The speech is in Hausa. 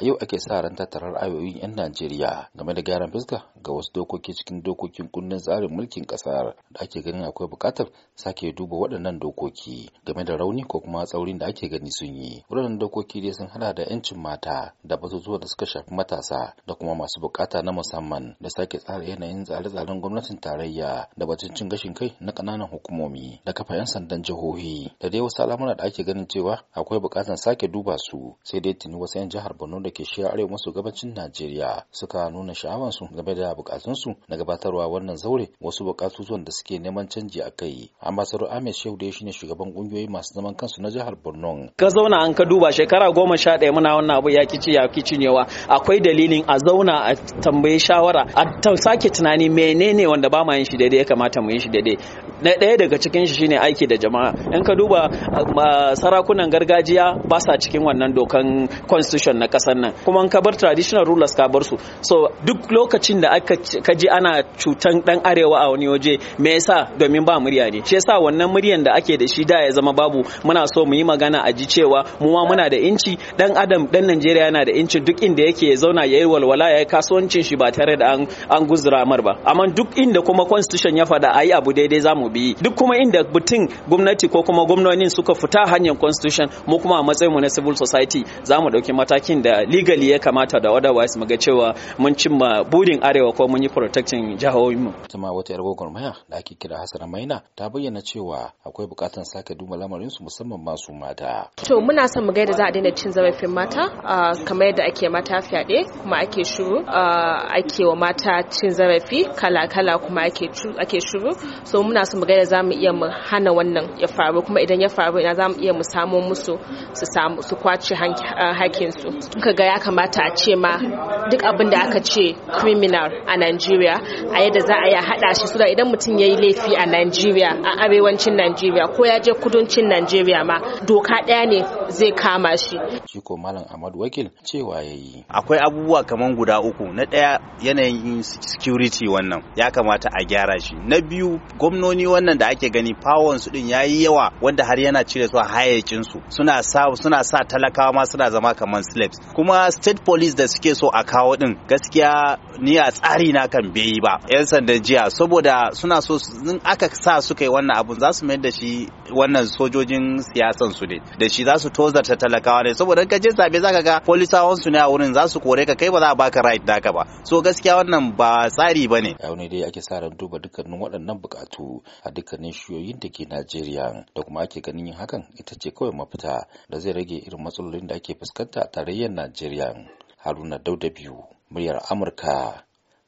a yau ake sa ran tattarar ra'ayoyin 'yan Najeriya game da gyaran fuska ga wasu dokoki cikin dokokin kundin tsarin mulkin kasar da ake ganin akwai bukatar sake duba waɗannan dokoki game da rauni ko kuma tsaurin da ake gani sun yi waɗannan dokoki dai sun hada da yancin mata da batutuwa da suka shafi matasa da kuma masu bukata na musamman da sake tsara yanayin tsare-tsaren gwamnatin tarayya da batun gashin kai na ƙananan hukumomi da kafa 'yan sandan jihohi da dai wasu al'amura da ake ganin cewa akwai bukatar sake duba su sai dai tuni wasu 'yan jihar borno da ke shiya arewa maso gabacin najeriya suka nuna sha'awansu game da bukatun bukatunsu na gabatarwa wannan zaure wasu bukatutuwan da suke neman canji a kai ambassador ahmed shehu da shine shugaban kungiyoyi masu zaman kansu na jihar borno ka zauna an ka duba shekara goma sha ɗaya muna wannan abu ya kici ya kici newa akwai dalilin a zauna a tambayi shawara a sake tunani menene wanda ba ma yin shi daidai ya kamata mu yin shi daidai na ɗaya daga cikin shi shine aiki da jama'a in ka duba um, sarakunan gargajiya ba sa cikin wannan dokan constitution na ƙasar nan kuma in ka bar traditional rulers ka bar su so duk lokacin da ka ji ana cutan dan arewa a wani waje me yasa domin ba murya ne shi yasa wannan muryan da ake da shi da ya zama babu muna so mu yi magana a ji cewa mu ma muna da inci dan adam dan Najeriya yana da inci duk inda yake ya zauna yayi walwala yayi kasuwancin shi ba tare da an an guzura mar ba amma duk inda kuma constitution ya faɗa ayi abu daidai zamu bi duk kuma inda mutum gwamnati ko kuma gwamnonin suka fita hanyar constitution mu kuma a matsayin mu na civil society zamu dauki matakin da legally ya kamata da otherwise mu ga cewa mun cimma burin arewa cewa ko mun yi protecting jihohinmu. ita ma wata yar maya da ake kira hasana maina ta bayyana cewa akwai bukatar sake duba lamarin su musamman masu mata. to muna son mu gaida za a daina cin zarafin mata kamar yadda ake mata fyaɗe kuma ake shiru ake wa mata cin zarafi kala-kala kuma ake shiru so muna son mu gaida za mu iya mu hana wannan ya faru kuma idan ya faru ina za mu iya mu samo musu su samu su kwace hakinsu. Kaga ya kamata a ce ma duk abin da aka ce criminal a Najeriya a yadda za a yi haɗa shi suna idan mutum ya yi laifi a Najeriya a arewacin Najeriya ko ya je kudancin Najeriya ma doka ɗaya ne zai kama shi. Shi ko Malam Ahmad Wakil cewa ya yi. Akwai abubuwa kamar guda uku na ɗaya yanayin security wannan ya kamata a gyara shi. Na biyu gwamnoni wannan da ake gani power su din yayi yawa wanda har yana cire su a hayyacin su suna sa suna sa talakawa ma suna zama kaman slaves. Kuma state police da suke so a kawo ɗin gaskiya ni a tsari na kan bai ba yan sandan jiya saboda suna so in aka sa su kai wannan abun za su mayar da shi wannan sojojin siyasan su ne da shi za su tozarta talakawa ne saboda ka je zabe zaka ga polisawan su ne a wurin za su kore ka kai ba za a baka right naka ba so gaskiya wannan ba tsari bane ne. ne dai ake sa ran duba dukkanin waɗannan bukatu a dukkanin shiyoyin da ke Najeriya da kuma ake ganin yin hakan ita ce kawai mafita da zai rage irin matsalolin da ake fuskanta a tarayyar Najeriya Haruna Dauda biyu muryar Amurka